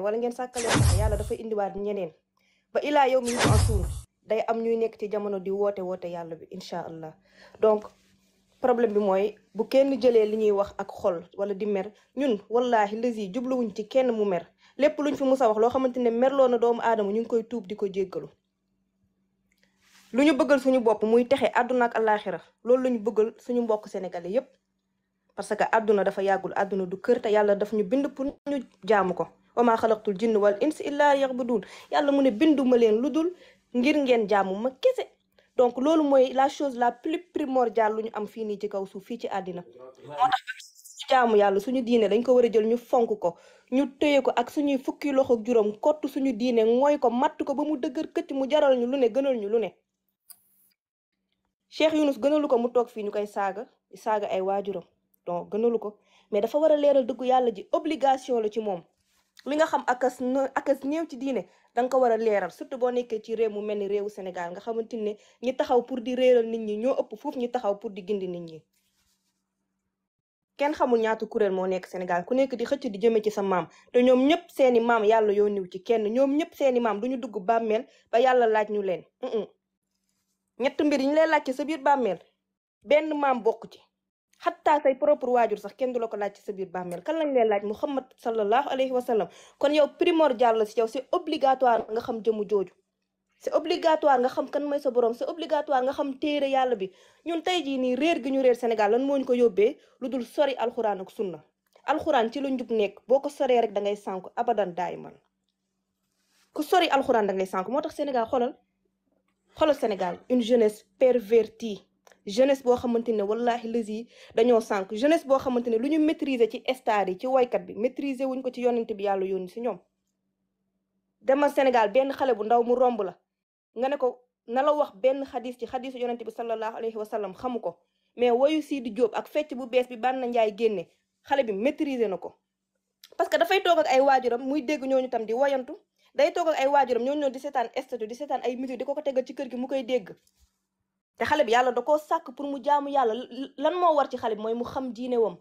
wala ngeen sàkkal yàlla dafa indiwaat ñeneen ba ilaa yow mi asuun day am ñuy nekk ci jamono di woote woote yàlla bi incha allah donc problème bi mooy bu kenn jëlee li ñuy wax ak xol wala di mer ñun wallahi les yi jubluwuñ ci kenn mu mer lépp lu luñ fi musa wax loo xamante ne merloo na doomu aadama ñu ngi koy tuub di ko jéggalu lu ñu bëggal suñu bopp muy texe àdduna ak àllaaxira loolu la ñu bëggal suñu mbokk sénégalais yépp parce que àdduna dafa yàggul àdduna du kër yàlla daf ñu bind pour ñu jaamu ko wa maa xalaqtul jinna wal insa illaa yaxbudun yàlla mu ne binduma leen lu dul ngir ngeen jaamu ma kese donc loolu mooy la chose la plus primordiale lu ñu am fii nii ci kaw suuf fii ci àddina moo tax jaamu yàlla suñu diinee dañ ko war a jël ñu fonk ko ñu téye ko ak suñuy fukki loxo juróom kott suñu diine mooy ko matt ko ba mu dëgër këcc mu jaral ñu lu ne gënal ñu lu ne Cheikh Yunus gënalu ko mu toog fii ñu koy saaga saaga ay waajuram donc gënalu ko mais dafa war a leeral dëggu yàlla ji obligation la ci moom li nga xam akas akas néew ci diine da ko war a leeral surtout boo nekkee ci réew mu mel ni réewu Sénégal nga xamante ne ñi taxaw pour di réeral nit ñi ñoo ëpp foofu ñu taxaw pour di gindi nit ñi. kenn xamul ñaata kuréel moo nekk Sénégal ku nekk di xëcc di jëme ci sa maam te ñoom ñëpp seeni maam yàlla yoo niw ci kenn ñoom ñëpp seeni maam du ñu dugg bàmmeel ba yàlla laaj ñu leen. ñett mbir yi ñu lay laaj ci sa biir bàmmeel benn maam bokk ci Hatta say propre wajur sax kenn du la ko laaj sa bir bammel kan lañ lay lacc muhammad sallallahu alayhi wa sallam kon yow primordial la ci yow c'est obligatoire nga xam jëm joju c'est obligatoire nga xam kan moy sa borom c'est obligatoire nga xam téré yalla bi ñun tay ji ni réer gi ñu réer Sénégal lan moñ ko yóbbee lu sori alxuraan ak sunna alxuraan ci lu ñub nek boko sori rek da ngay sànku abadan daiman ku sori alxuraan da ngay sànku motax Sénégal xolal xolal Sénégal une jeunesse pervertie jeunesse boo xamante ne wallahi lësi dañoo sànq jeunesse boo xamante ne lu ñu maîtriser ci stade yi ci woykat bi maîtriser wuñ ko ci yonent bi yàlla yónni si ñoom demal Sénégal benn xale bu ndaw mu romb la nga ne ko na la wax benn xadis ci xadisu yonent bi sallallahu alayhi wa sallam xamu ko mais woyu Sidi Diop ak fecc bu bees bi ban na Njaay génne xale bi maîtriser na ko parce que dafay toog ak ay waajuram muy dégg ñooñu tam di woyantu day toog ay waajuram ñooñu noonu di seetaan statut ay musique di ko ko tegal ci kër gi mu koy dégg te xale bi yàlla da koo sàkk pour mu jaamu yàlla lan moo war ci xale bi mooy mu xam diine woom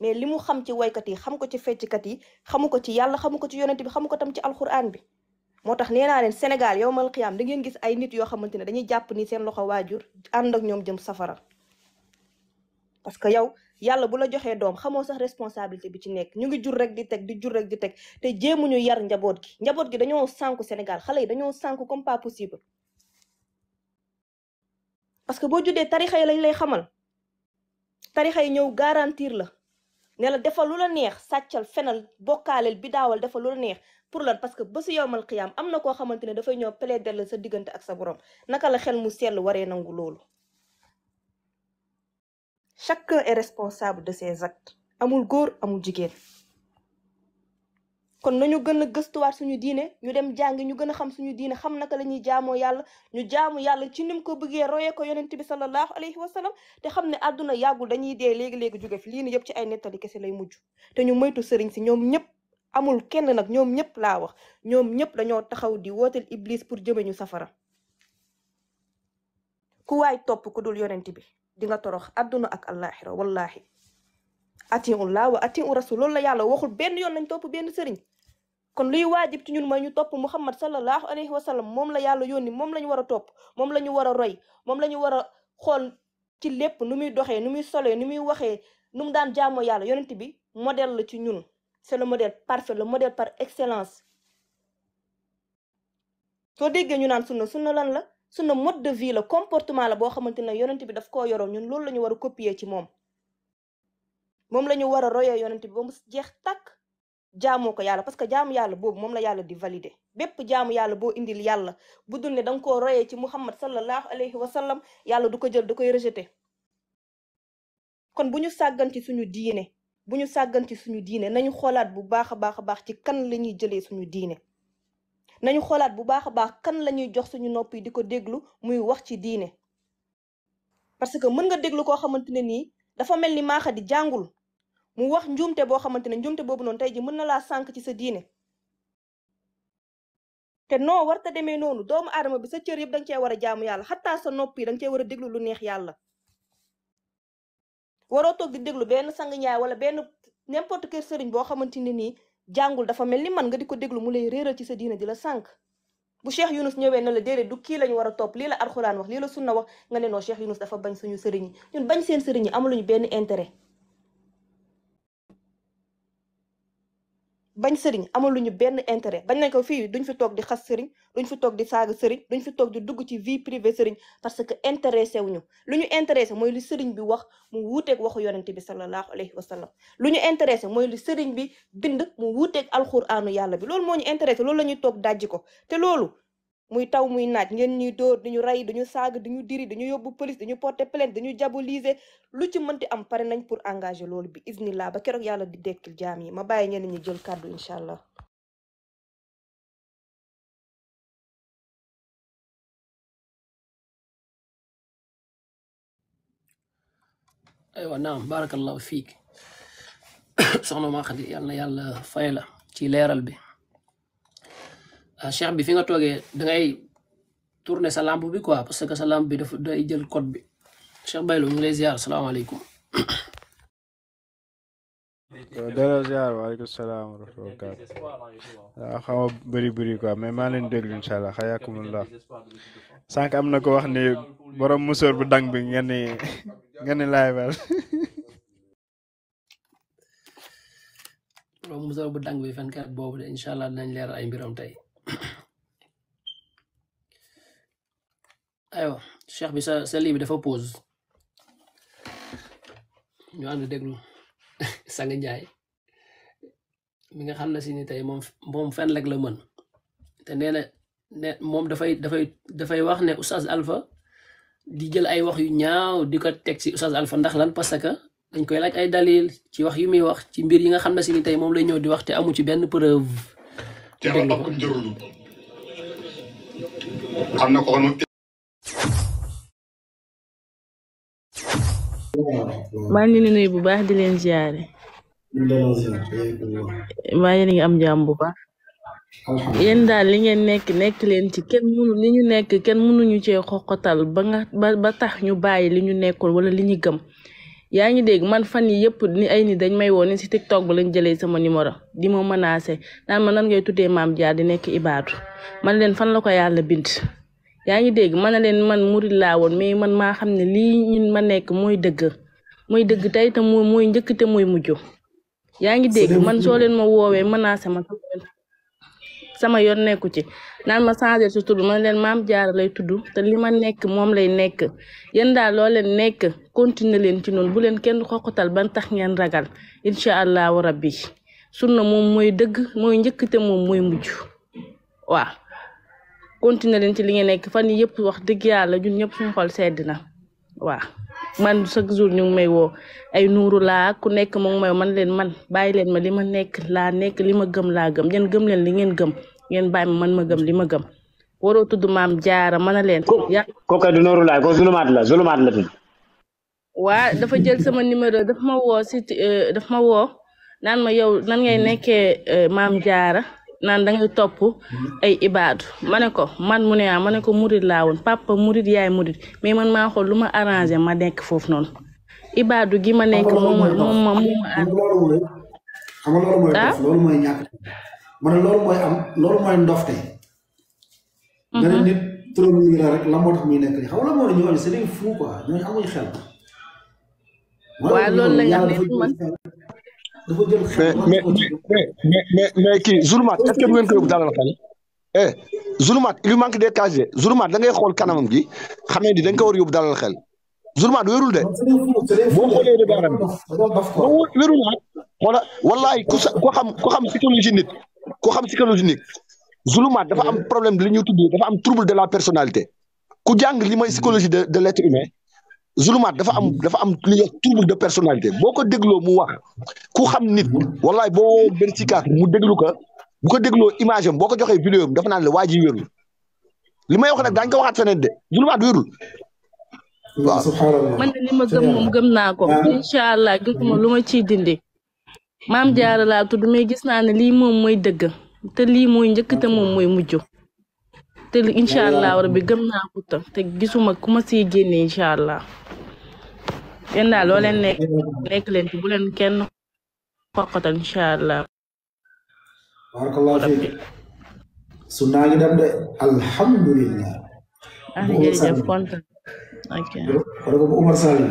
mais li mu xam ci woykat yi xam ko ci fecckat yi xamu ko ci yàlla xamu ko ci yonent bi xamu ko tam ci alxuraan bi moo tax nee naa Sénégal yow mal xiyaam da ngeen gis ay nit yoo xamante ne dañuy jàpp ni seen loxo waajur ànd ak ñoom jëm safara parce que yow yàlla bu la joxee doom xamoo sax responsabilité bi ci nekk ñu ngi jur rek di teg di jur rek di teg te jéemuñu yar njaboot njaboot gi dañoo sànku Sénégal xale yi dañoo sànku comme pas parce que boo juddee tarixa yi lañ lay xamal tarixa yi ñëw garantir la ne la defal lu la neex sàccal fenal bokkaaleel bi daawal defal lu la neex pour lan parce que ba su yowmal xiyaam am na koo xamante ne dafay ñëw plaider la sa diggante ak sa borom naka la xel mu sell waree nangu loolu chacun est responsable de ses actes amul góor amul jigéen kon nañu gën gëstuwaat suñu diine ñu dem jàngi ñu gën a xam suñu diine xam naka la ñuy jaamoo yàlla ñu jaamu yàlla ci nim ko bëggee royee ko yonent bi sallallahu alayhi wa sallam te xam ne àdduna yàggul dañuy dee léegi-léegi jóge fi yëpp ci ay nettali kese lay mujj te ñu moytu sëriñ si ñoom ñëpp amul kenn nag ñoom ñëpp laa wax ñoom ñëpp dañoo taxaw di wooteel iblis pour jëme ñu safara ku waay topp ku dul yonent bi di torox àdduna ak àllaaxira wallaahi atiu llah wa loolu la yàlla waxul benn yoon nañ topp benn sëriñ kon luy waajib ci ñun mooy ñu topp muhammad sallallahu alayhi wa sallam moom la yàlla ni moom la ñu war a topp moom la ñu war a roy moom la ñu war a xool ci lépp nu muy doxee nu muy solee nu muy waxee nu mu daan jaamoo yàlla yonent bi modèle la ci ñun c'est le modèle parfait le modèle par excellence soo déggee ñu naan sunna sunna lan la sunna mode de vie la comportement la boo xamante ne yonent bi daf koo yoroon ñun loolu war a copier ci moom moom la war a royee yonant bi ba mu jeex takk jaamoo ko yàlla parce que jaamu yàlla boobu moom la yàlla di valider bépp jaamu yàlla boo indil yàlla bu dul ne da nga koo royee ci muhammad sallallahu alayhi wa sallam yàlla du ko jël da koy rejeter kon bu ñu sàggan ci suñu diine bu ñu sàggan ci suñu diinee nañu xoolaat bu baax a baax a baax ci kan la ñuy jëlee suñu diine nañu xoolaat bu baax a baax kan la ñuy jox suñu nopp yi di ko déglu muy wax ci diine parce que mën nga déglu koo xamante ne nii dafa mel ni maaxa di jàngul mu wax njuumte boo xamante ne njuumte boobu noonu tey ji mën na laa sànq ci sa diine te non warta demee noonu doomu aadama bi sa cër yëpp danga cee war a jaamu yàlla xataa sa nopp yi danga cee war a déglu lu neex yàlla waroo toog di déglu benn sang ñaay wala benn n'importe quel sëriñ boo xamante ne nii jàngul dafa mel ni man nga di ko déglu mu lay ci sa diine di la sànq bu Cheikh Yunus ñëwee na la déedéet du kii lañu war a topp lii la alxuraan wax lii la sunna wax nga ne noo Cheikh Yunus dafa bañ suñu sëriñ ñun bañ seen sëriñ yi ñu benn intérêt bañ sëriñ amaluñu benn intérêt bañ nañ ko fii duñ fi toog di xas sëriñ duñ fi toog di saaga sëriñ duñ fi toog di dugg ci vie privée sëriñ parce que intéressé wuñu lu ñu intéressé mooy li sëriñ bi wax mu wuuteeg waxu yonente bi sallallahu alayhi wa sallam lu ñu intéressé mooy li sëriñ bi bind mu wuuteeg alxuraanu yàlla bi loolu moo ñu intéressé loolu la ñuy toog dajji ko te loolu muy taw muy naaj ngeen ñuy door duñu ray duñu saaga duñu diri duñu yóbbu police duñu porter plainte duñu diaboliser lu ci mënti am pare nañ pour engager loolu bi isnillah ba keroog yàlla di dekkil jaam yi ma bàyyi ñenn ñi jël kàddu incha allah. aywa naam barakallahu fiik soxna maa xam yàlla na ci leeral bi. Ah, cheikh bi fi nga da ngay tourner sa lampe bi quoi parce que sa lampe bi dafa day jël code bi Cheikh Baylo ngi lay ziar alaykum dara ziar wa alaykum assalam wa rahmatullah ah xaw bari bari quoi mais ma len deug inshallah khayakum allah sank amna ko wax ni borom monsieur bu dang bi ngeen ni ngeen ni laay bal. borom musóor bu dang bi fenkat boobu de incha leer ay mbiram tey. aywa cheikh bi sa sa lii bi dafa pose ñu ànd déglu sang njaay mi nga xam ne si ni tey moom moom fenn rek la mën te nee na ne moom dafay dafay dafay wax ne oustaz alfa di jël ay wax yu ñaaw di ko teg ci oustaz Alpha ndax lan parce que dañ koy laaj ay dalil ci wax yu muy wax ci mbir yi nga xam ne si ni tey moom lay ñëw di wax te amu ci benn preuve yàlla ak njërulu am bu baax di leen ziare. maa ngi am jàmm bu baax. yéen daal li ngeen nekk nekk leen ci kenn mënu li ñu nekk kenn mënuñu cee xoqatal ba ba tax ñu bàyyi li ñu nekkoon wala li ñu gëm. yaa ngi dégg man fan yi yëpp ni ay ni dañ may woon ni si TikTok ba lañ jëlee sama numéro di ma menacé naan ma nan ngay tuddee maam Dia di nekk Ibaadu man leen fan la ko yàlla bind. yaa ngi dégg man leen man murid laa woon mais man maa xam ne lii ma nekk mooy dëgg mooy dëgg tey te mooy njëkk te mujj. yaa ngi dégg man soo leen ma woowee menacé ma sama yoon nekku ci naan ma changé su tudd man leen maam Dia lay tudd te li ma nekk moom lay nekk yéen daal loo leen nekk. continuer leen ci noonu bu leen kenn xoqatal ban tax ngeen ragal incha allahu rabbi na moom mooy dëgg mooy njëkk te moom mooy mujj waaw continuer leen ci li ngeen nekk fan ni yëpp wax dëgg yàlla ñun ñëpp suñu xool sedd na waaw man chaque jour ñu ngi may woo ay nuuru laa ku nekk moom ngi may man leen man bàyyi leen ma li ma nekk laa nekk li ma gëm laa gëm ngeen gëm leen li ngeen gëm ngeen bàyyi ma man ma gëm li ma gëm waroo tudd maam jaara mën a leen. ko kooka du laa ko waa dafa jël sama numéro daf ma woo si euh, dafa ma woo naan ma yow nan ngay nekkee euh, maam jaara naan dangay topp ay ibaadu ma ne ko man mu ne ah ma ne ko murid laa woon papa murid mais man maa xool lu ma arrangé ma nekk foofu noonu ibaadu gi ma nekk moom moom ma moom ma ànd loolu mooy ah? dof loolu mooy loolu mooy ndofte mhm. nga ne muy xel waaw loolu la nga xam mais mais mais mais kii Zulmaat est-ce que bu ngeen ko yóbbu dalal xel eh Zulmaat il manque des casiers Zulmaat da ngay xool kanamam gi xam ne di ko war a yóbbu dalal xel Zulmaat wérul de boo xoolee de baaram boo wérul ah xoola wallahi ku sa ku xam psychologie nit ku xam psychologie nit Zulmaat dafa am problème li ñuy tudd dafa am trouble de la personnalité ku jàng li mooy psychologie de de l'être humain Zulumaat dafa am dafa am li ñuy wax de personnalité boo ko dégloo mu wax ku xam nit wallaay boo benn si kaas mu déglu ko bu ko dégloo image boo ko joxee vidéo dafa naan la waa ji wérul li may wax nag daañu ko waxaat feneen de Zulumaat wérul. waaw man de li naa ko. Ah. incha allah gisuma lu ma ciy dindi. maam jaara laa tudd gis naa ne lii moom mooy dëgg te lii mooy njëkk te moom mooy te incha allah rabbi gëm naa ko te gisuma ku ma génne incha allah yéen daal loo nekk nekk leen bu leen kenn xoqatal incha allah. barakallahu fiik su naa ngi dem de alhamdulilah. ah jërëjëf kontaan. ok. Umar Sall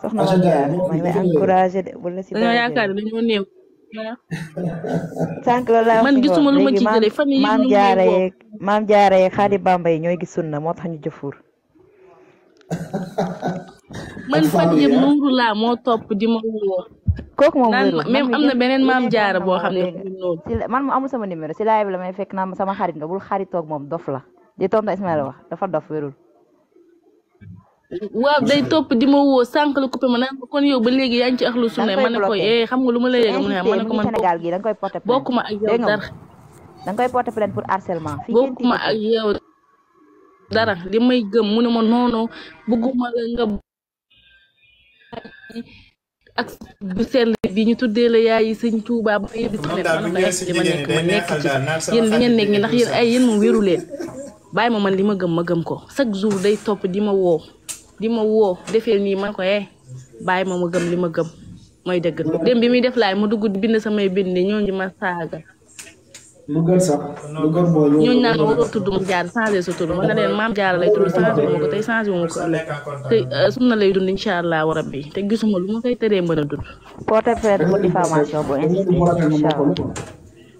soxna Wally Seck maa ngi lay encouragé de wala sànq la laa man gisuma lu ma ci fan yii maam jaara yeeg maam jaara yeeg xaadi bamba yi ñooy gis na moo tax ñu jëfur man fan yëpp nuuru laa moo topp di ma woo kooku moom même am na beneen maam jaara boo xam ne man mu amul sama numéro si laay bi la may fekk naa sama xarit nga bul xaritoog moom dof la di tontu Ismaila wax dafa dof wérul waaw day topp di ma woo sànq la coupé ma naan ko kon yow ba léegi yaa ngi ci axlu sunna ma ne ko eh, xam nga lu ma la yéega mu ne ma ne ko man bokkuma ak yow dara da nga koy porter plainte pour harcèlement bokkuma ak yow dara li may gëm mu ne ma noonu bëgguma la bi ñu tuddee la yaay yi sëñ Tuubaa ba yëpp di ma nekk nekk ci yéen li ngeen nekk ndax yéen ay yéen moom wéru bàyyi ma man li ma gëm ma gëm ko chaque jour day topp di ma woo di ma woo defee nii man ko eh bàyyi ma ma gëm li ma gëm mooy dëgg dem bi muy def laay mu dugg bind samay bind ñooñu ma saaga. lu gën sax lu gën mooy ñooñu naan tudd ma jaar changé sa tudd ma ne leen maam jaar lay tudd changé wu ko tey changé wu ko ëllëg te euh, sunna lay dund incha allah wa rabbi te gisuma lu ma koy teree mën a dund.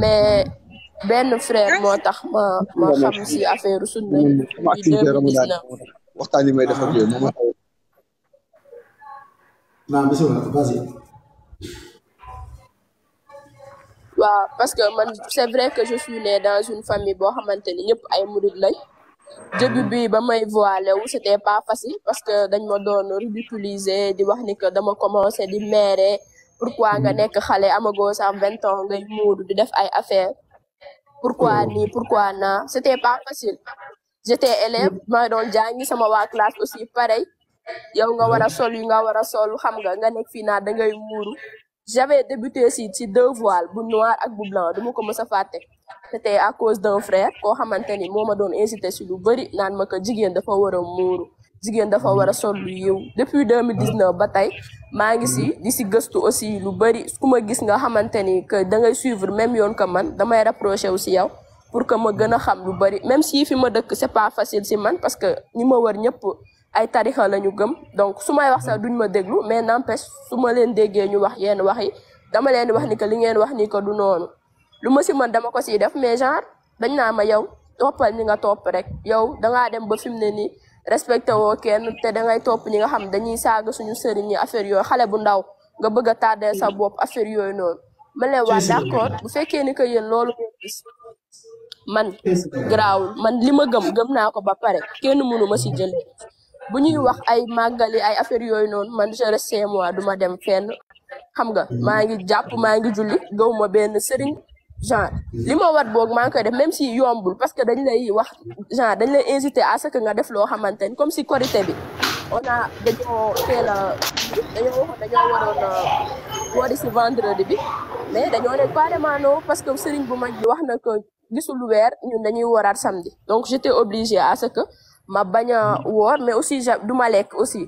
mais ben frère mon tax ma ma fait si affaire sunna parce que c'est vrai que je suis né dans une famille bo xamanteni ñep ay mourid lay bi ba may c'était pas facile parce que dañ ma doon ridiculiser di wax ni que dama commencé di pourquoi nga hmm. nekk xale amagoo sa vingt ans ngay muudu di def ay affaire pourquoi hmm. ni pourquoi na c'était pas facile j'étais élève hmm. ma doon jangi sama waa classe aussi pareil yow nga wara sol yu nga wara sol xam nga nga nek fi na da ngay muru j'avais débuté ci ci deux voiles bu noir ak bu blanc duma ko mësa faté c'était à cause d'un frère ko xamanteni moma doon inciter ci lu bari nan ma ko jigen dafa wara muru jigéen dafa war a sol lu yiw depuis 2019 ba tey maa ngi si di si gëstu aussi lu bëri ku ma gis nga xamante ni que dangay ngay suivre même yoon que man damay rapproché wu si yow pour que ma gën a xam lu bëri même si fi ma dëkk c'est pas facile si man parce que ñi ma war ñëpp ay tarixa la ñu gëm donc su may wax sax duñ ma déglu mais n'empêche su ma leen déggee ñu wax yenn wax yi dama leen wax ni que li ngeen wax ni que du noonu lu ma si mën dama ko si def mais genre dañ naa ma yow nga topp rek respecté woo kenn te dangay topp ñi nga xam dañuy saaga suñu sëriñ ñi affaire yooyu xale bu ndaw nga bëgg a tardeel sa mm-hmm. bopp affaire yooyu noonu man leen waa d'accord bu fekkee ni que yéen loolu gis man garaawul man li ma gëm gëm naa ko ba pare kenn mënu ma si jëlee bu ñuy wax ay màggali ay affaire yooyu noonu man je reste moi duma dem fenn xam nga maa ngi jàpp maa ngi julli gëw ma benn sëriñ genre li ma war boog maa ngi koy def même si yombul parce que dañ lay wax genre dañ lay inciter à ce que nga def loo xamante ni comme si korité bi on a dañoo teel dañoo waxoon dañoo si vendredi bi mais dañoo ne carrément parce que sëriñ bu mañ bi wax na que gisul weer ñun dañuy wooraat samedi donc j'étais obligée à ce que ma bañ a woor mais aussi ja du ma lekk aussi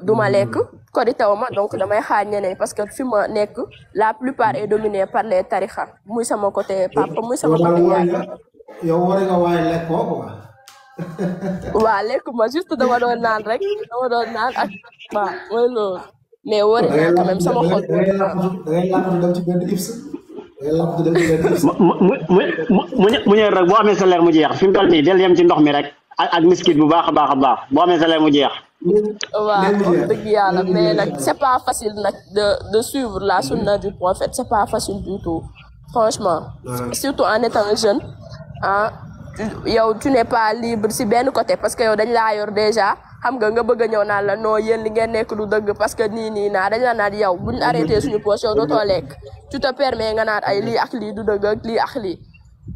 duma lek korité hmm. tawma donc damay xaar ñeneen parce que fi ma nekk la plupart est dominé par les tarixa muy sama côté papa muy sama côté yaay yow wara nga way lek ko quoi wa lekk ma juste dama doon naan rek dama doon naan ak waa moy lo mais wara naa quand même sama xol da ngay làqatu dem ci benn ips mu ñëw rek boo amee salaire mu jeex fi mu toll nii del yem ci ndox mi rek ak miskit bu baax a baax a baax boo amee salaire mu jeex waaw wax dëgg yàlla mais nag c'est pas facile nag de de suivre la sunna du prophète c'est pas facile du tout franchement surtout en étant jeune ah yow tu n'es pas libre si benn côté parce que yow dañ laa yor déjà xam nga nga bëgg a ñëw naan la non yéen li ngeen nekk du dëgg parce que nii nii naa dañ la naan yow buñ arrêté suñu poche yow dootoo lekk tu te permets nga naan ay lii ak lii du dëgg ak lii ak lii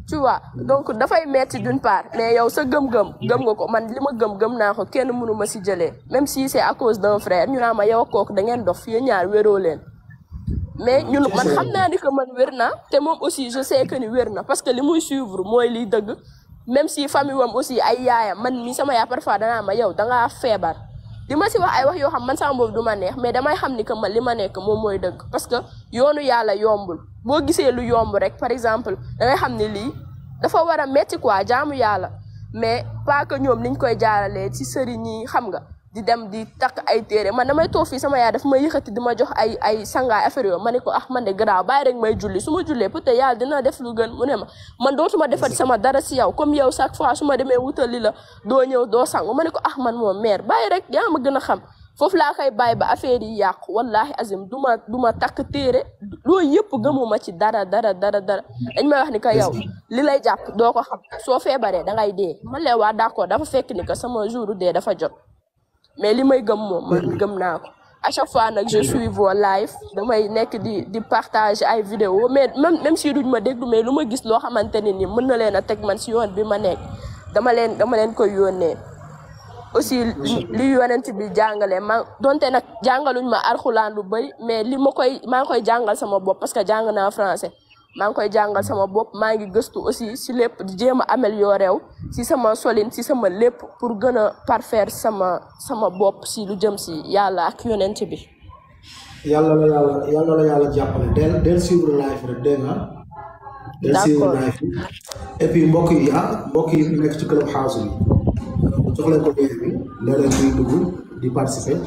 tu donc dafay metti d'une part mais yow sa gëm-gëm gëm nga ko man li ma gëm-gëm naa ko kenn mënu ma si jëlee même si c'est à cause d'un frère ñu naa ma yow kooku da ngeen dox fii ñaar wéroo leen mais ñun man xam naa ni que man wér na te moom aussi je sais que ni wér na parce que li muy suivre mooy li dëgg même si famille wam aussi ay yaayam man mi sama yaa parfois danaa ma yow dangaa feebar di ma si wax ay wax yoo xam man sama boobu du ma neex mais damay xam ni que man li ma nekk moom mooy dëgg parce que yoonu yàlla yombul boo gisee lu yomb rek par exemple dangay xam ni lii dafa war a metti quoi jaamu yàlla mais pas que ñoom niñ koy jaaralee ci sëriñ yi xam nga. di dem di takk ay téere man damay toog fii sama yaay daf may yëkkati di ma jox ay ay sangaay affaire yoo ma ne ko ah man de garaaw bàyyi rek may julli su ma jullee peut être yàlla dina def lu gën mu ne ma man dootuma defati sama dara si yow comme yow chaque fois su ma demee wutali la doo ñëw doo sangu ma ne ko ah man moom mère bàyyi rek yaa ma gën a xam foofu laa koy bàyyi ba affaire yi yàqu wallahi azim du ma du ma takk téere loolu yëpp gëmuma ci dara dara dara dara dañ may wax ni que yow li lay jàpp doo ko xam soo feebaree da ngay dee man lee waa d'accord dafa fekk ni que sama jour dee dafa jot mais li may gëm moom man gëm naa ko à chaque fois nag je suis vos live damay nekk di di partage ay vidéo mais même même si duñ ma déglu mais lu ma gis loo xamante ne nii mën na leen a teg man si yoon bi ma nekk dama leen dama leen koy yónnee aussi li yonent bi jàngale ma donte nag jàngaluñ ma arxulaan lu bëri mais li ma koy maa koy jàngal sama bopp parce que jàng naa français maa ngi koy jàngal sama bopp maa ngi gëstu aussi si lépp di jéem a améliorer wu si sama solin si sama lépp pour gën a parfaire sama sama bopp si lu jëm si yàlla ak yonent bi. yàlla la yàlla yàlla la yàlla jàppale del del suivre live rek dégg del suivre live bi et yi ah mbokk yi nekk ci club house bi jox leen ko lien bi di participer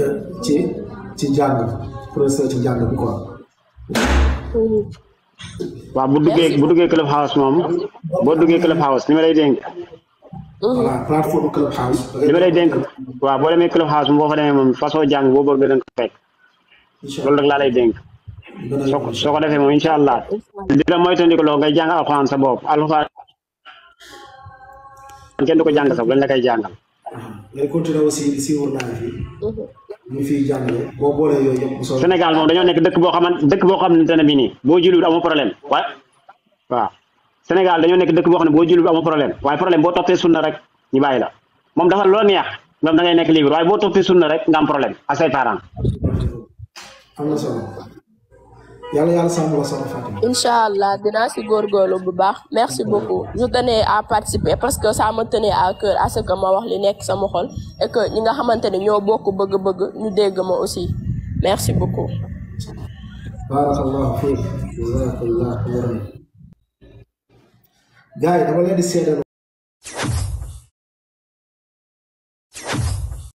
eh, ci ci jàng ci jàng bi quoi. waaw bu duggee bu duggee club house moom boo duggee club house ni ma lay dénk. voilà plateforme dénk waaw boo demee club house boo fa demee moom façon jàng boo bëgg danga ko fekk. dénk. soo ko soo ko defee moom incha allah. di la moytandiku loo ngay jàng alxuraan sa bopp alxuraan kenn du ko jàng sax lañ la koy jàngal. Ah, ñu fiy jàngee boo boolee yooyu yëpp. Sénégal moom dañoo nekk dëkk boo xam ne dëkk boo xamante ne bi nii boo julliwul amoo problème waaye waaw Sénégal dañoo nekk dëkk boo xam ne boo julliwul amoo problème waaye problème boo toppee sunna rek ñu bàyyi la moom dafa loo neex moom da ngay nekk libre waaye boo toppee na rek nga am problème ak say parents. am Yalla Yalla sàmm la soxna Fatima. incha allah dinaa si góorgóorlu bu baax merci beaucoup je tenais à participer parce que ça me tenait à cœur à ce que ma wax li nek sama xol et que ñi nga xamante ne bokk bëgg-bëgg ñu dégg ma aussi merci beaucoup. barakallahu fiik jazakallahu khairan gars yi dama leen di seedal